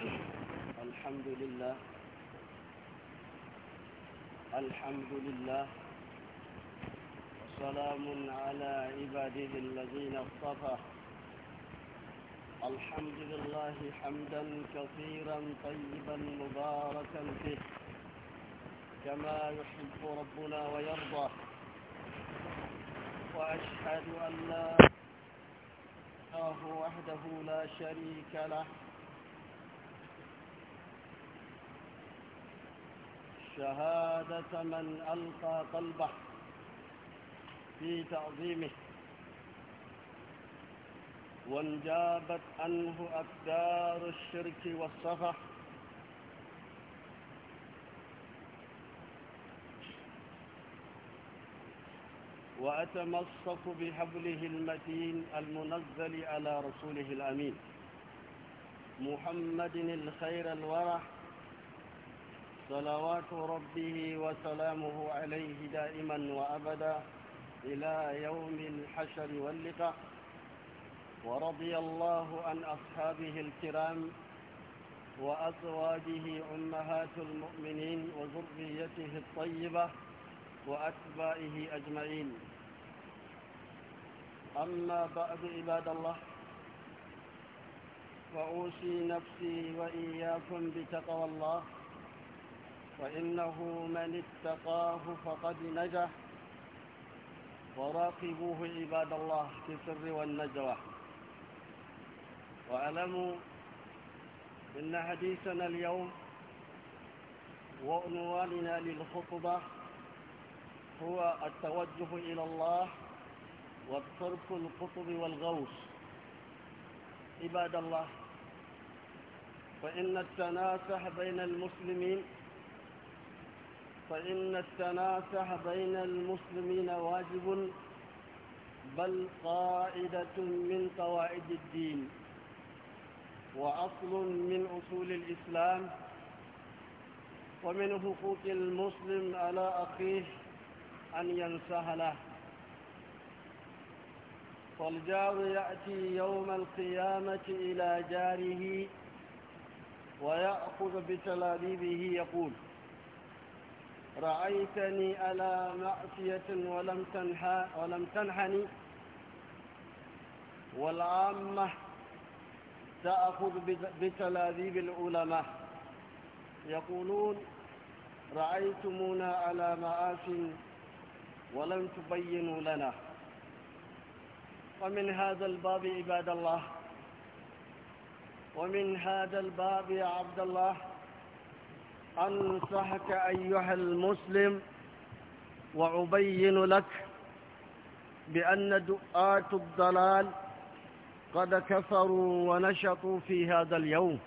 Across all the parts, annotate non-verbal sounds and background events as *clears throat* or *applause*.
الحمد لله الحمد لله وسلام على عباده الذين اصطفى الحمد لله حمدا كثيرا طيبا مباركا فيه كما يحب ربنا ويرضى وأشهد أن لا الله وحده لا شريك له شهادة من ألقى قلبه في تعظيمه وانجابت عنه أكدار الشرك والصفح وأتمسك بحبله المتين المنزل على رسوله الأمين محمد الخير الورح صلوات ربه وسلامه عليه دائما وأبدا إلى يوم الحشر واللقاء ورضي الله عن أصحابه الكرام وأزواجه أمهات المؤمنين وذريته الطيبة وأتباعه أجمعين أما بعد عباد الله فأوصي نفسي وإياكم بتقوى الله فإنه من اتقاه فقد نجح وراقبوه عباد الله في السر والنجوى واعلموا إن حديثنا اليوم وعنواننا للخطبة هو التوجه إلى الله وترك القطب والغوث عباد الله فإن التناسح بين المسلمين فإن التناصح بين المسلمين واجب بل قاعدة من قواعد الدين وأصل من أصول الإسلام ومن حقوق المسلم على أخيه أن ينصح له فالجار يأتي يوم القيامة إلى جاره ويأخذ بتلابيبه يقول رأيتني على معصية ولم تنحى ولم تنحني والعامة تأخذ بتلاذيب العلماء يقولون رأيتمونا على مآس ولم تبينوا لنا ومن هذا الباب عباد الله ومن هذا الباب يا عبد الله أنصحك أيها المسلم وأبين لك بأن دعاة الضلال قد كثروا ونشطوا في هذا اليوم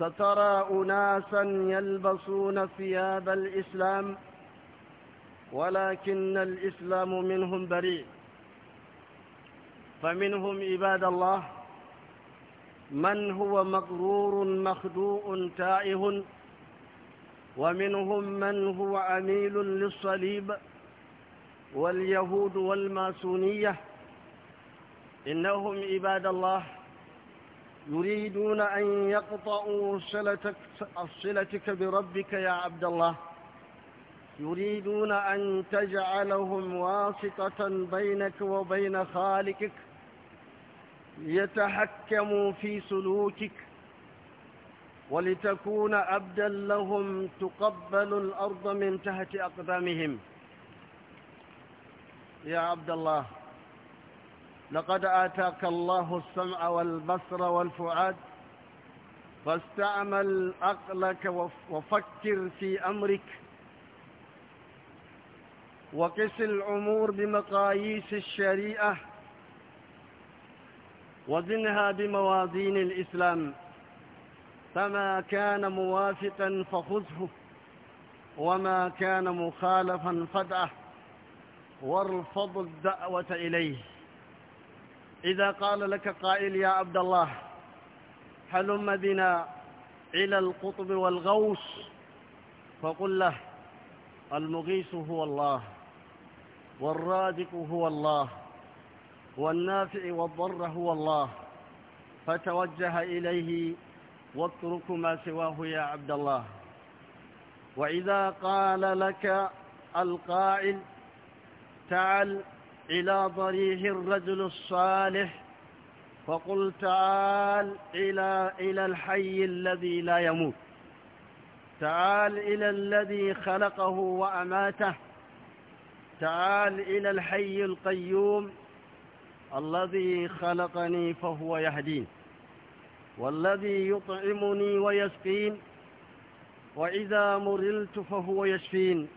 سترى أناسا يلبسون ثياب الإسلام ولكن الإسلام منهم بريء فمنهم عباد الله من هو مغرور مخدوء تائه ومنهم من هو عميل للصليب واليهود والماسونية إنهم عباد الله يريدون أن يقطعوا صلتك, صلتك بربك يا عبد الله يريدون أن تجعلهم واسطة بينك وبين خالقك يتحكموا في سلوكك ولتكون أبدا لهم تقبل الأرض من تحت أقدامهم يا عبد الله لقد آتاك الله السمع والبصر والفؤاد فاستعمل عقلك وفكر في أمرك وقس الأمور بمقاييس الشريعة وزنها بموازين الإسلام فما كان موافقا فخذه وما كان مخالفا فدعه وارفض الدعوة إليه إذا قال لك قائل يا عبد الله هلم بنا إلى القطب والغوص فقل له المغيث هو الله والرادق هو الله والنافع والضر هو الله فتوجه إليه واترك ما سواه يا عبد الله وإذا قال لك القائل تعال إلى ضريح الرجل الصالح فقل تعال إلى, إلى الحي الذي لا يموت تعال إلى الذي خلقه وأماته تعال إلى الحي القيوم الذي خلقني فهو يهدين والذي يطعمني ويسقين وإذا مرلت فهو يشفين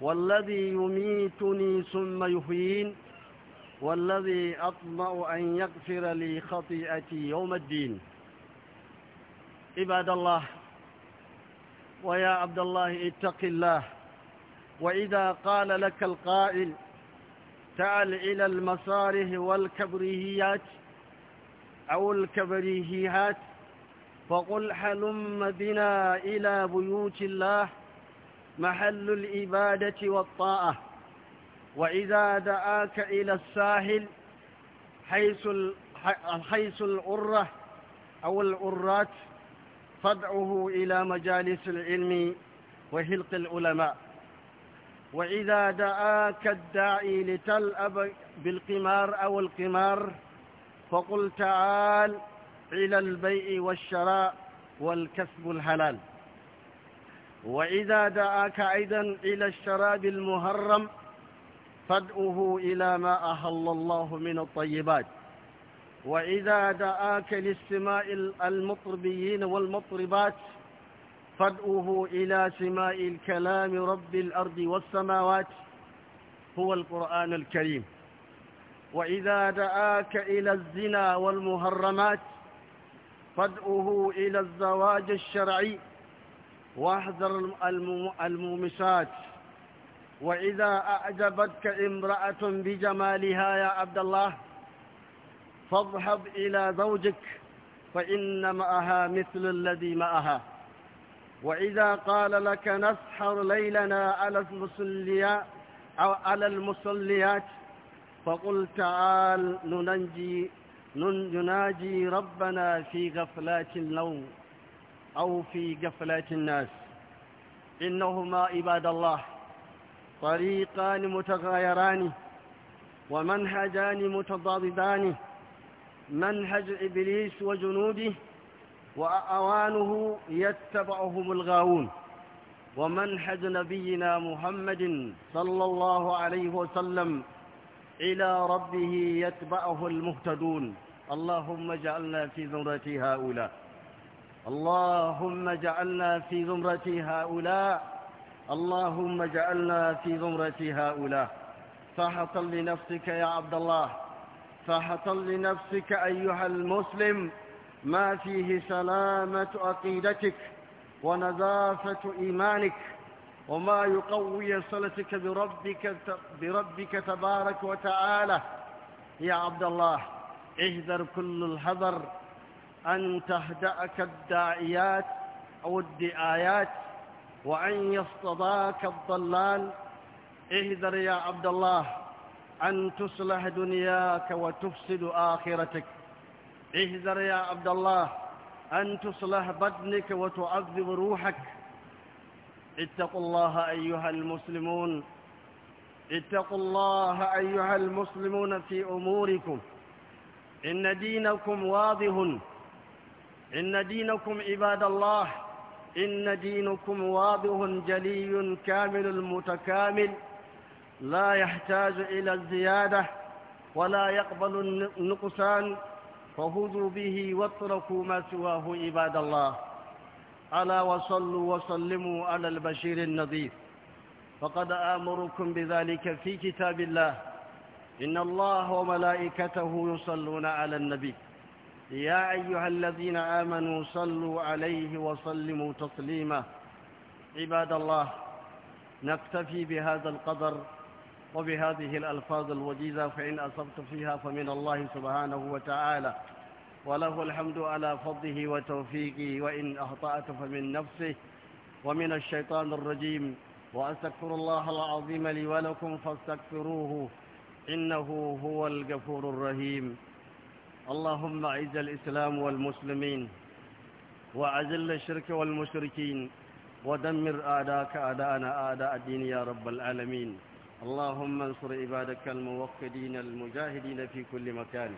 والذي يميتني ثم يحيين والذي أطمع أن يغفر لي خطيئتي يوم الدين عباد الله ويا عبد الله اتق الله وإذا قال لك القائل تعال إلى المصاره والكبريات أو الكبريهات فقل حلم بنا إلى بيوت الله محل الإبادة والطاعة وإذا دعاك إلى الساحل حيث, حيث الأرة أو الأرات فادعه إلى مجالس العلم وهلق العلماء وإذا دعاك الداعي لتلأب بالقمار أو القمار فقل تعال إلى البيع والشراء والكسب الحلال وإذا دعاك أيضا إلى الشراب المهرم فادعه إلى ما أهل الله من الطيبات وإذا دعاك لاستماع المطربيين والمطربات فادعه إلى سماء الكلام رب الأرض والسماوات هو القرآن الكريم وإذا دعاك إلى الزنا والمهرمات فادعه إلى الزواج الشرعي واحذر المومسات وإذا أعجبتك امرأة بجمالها يا عبد الله فاذهب إلى زوجك فإن معها مثل الذي معها وإذا قال لك نسحر ليلنا على المصليات أو على المصليات فقل تعال ننجي نناجي ربنا في غفلات النوم أو في غفلات الناس إنهما عباد الله طريقان متغايران ومنهجان متضادان منهج إبليس وجنوده وأوانه يتبعهم الغاوون ومنهج نبينا محمد صلى الله عليه وسلم إلى ربه يتبعه المهتدون اللهم اجعلنا في زمرة هؤلاء اللهم اجعلنا في زمرة هؤلاء اللهم اجعلنا في زمرة هؤلاء فاحط لنفسك يا عبد الله فاحط لنفسك أيها المسلم ما فيه سلامة عقيدتك ونظافة إيمانك وما يقوي صلتك بربك, بربك تبارك وتعالى يا عبد الله احذر كل الحذر أن تهدأك الداعيات أو الدعايات وأن يصطداك الضلال احذر يا عبد الله أن تصلح دنياك وتفسد آخرتك احذر يا عبد الله أن تصلح بدنك وتعذب روحك اتقوا الله أيها المسلمون اتقوا الله أيها المسلمون في أموركم إن دينكم واضح إن دينكم عباد الله إن دينكم واضح جلي كامل متكامل لا يحتاج إلى الزيادة ولا يقبل النقصان فخذوا به واتركوا ما سواه عباد الله ألا وصلوا وسلموا على البشير النذير فقد آمركم بذلك في كتاب الله إن الله وملائكته يصلون على النبي يا أيها الذين آمنوا صلوا عليه وسلموا تسليما عباد الله نكتفي بهذا القدر وبهذه الألفاظ الوجيزة فإن أصبت فيها فمن الله سبحانه وتعالى وله الحمد على فضله وتوفيقه وإن أخطأت فمن نفسه ومن الشيطان الرجيم وأستغفر الله العظيم لي ولكم فاستغفروه إنه هو الغفور الرحيم اللهم أعز الإسلام والمسلمين وأذل الشرك والمشركين ودمر أعداءك أعداءنا أعداء الدين يا رب العالمين اللهم انصر عبادك الموقدين المجاهدين في كل مكان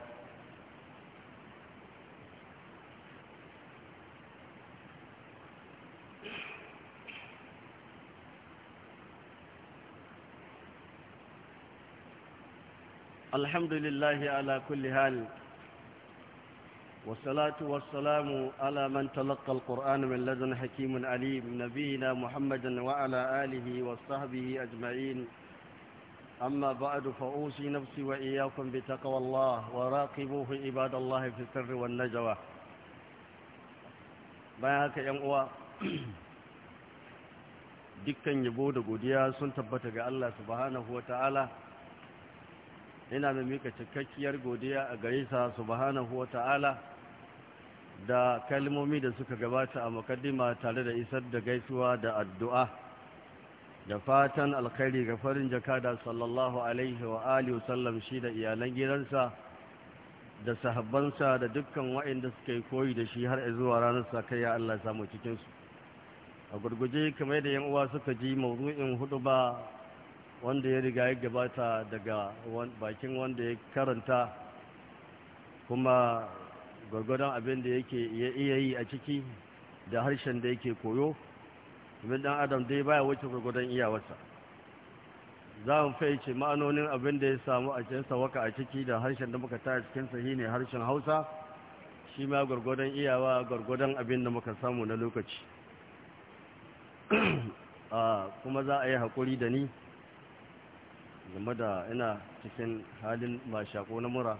الحمد لله على كل حال والصلاة والسلام على من تلقى القرآن من لدن حكيم عليم نبينا محمد وعلى آله وصحبه أجمعين أما بعد فأوصي نفسي وإياكم بتقوى الله وراقبوه عباد الله في السر والنجوى bayan haka ‘yan uwa dukkan yabo da godiya sun tabbata ga Allah subhanahu wa ta'ala ina mai mika cikakkiyar godiya a gare sa subhanahu wa ta'ala da kalmomi da suka gabata a mukaddima tare da isar da gaisuwa da addu'a da fatan alkhairi ga farin jakada sallallahu alaihi wa alihi sallam shi da iyalan gidansa da sahabbansa da dukkan waɗanda suka yi koyi da shi har zuwa ranar sa kai ya Allah samu cikinsu a gurguje kamar da yan uwa suka ji mawdu'in hudu ba wanda ya riga ya gabata daga bakin wanda ya karanta kuma gwargwadon abin da yake iya yi a ciki da harshen da yake koyo domin dan adam dai baya wuce gwargwadon iyawarsa za mu faice ma'anonin abin da ya samu a cikin sawaka a ciki da harshen da muka a cikin sahi ne harshen hausa shi ma gwargwadon iyawa gwargwadon abin da muka samu na lokaci *clears throat* ah, kuma za a yi haƙuri da ni game da ina cikin halin mashako na mura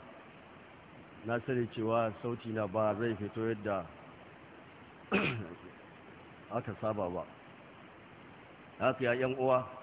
na sani cewa sauti na ba zai fito yadda *clears throat* aka saba ba haka ya yan uwa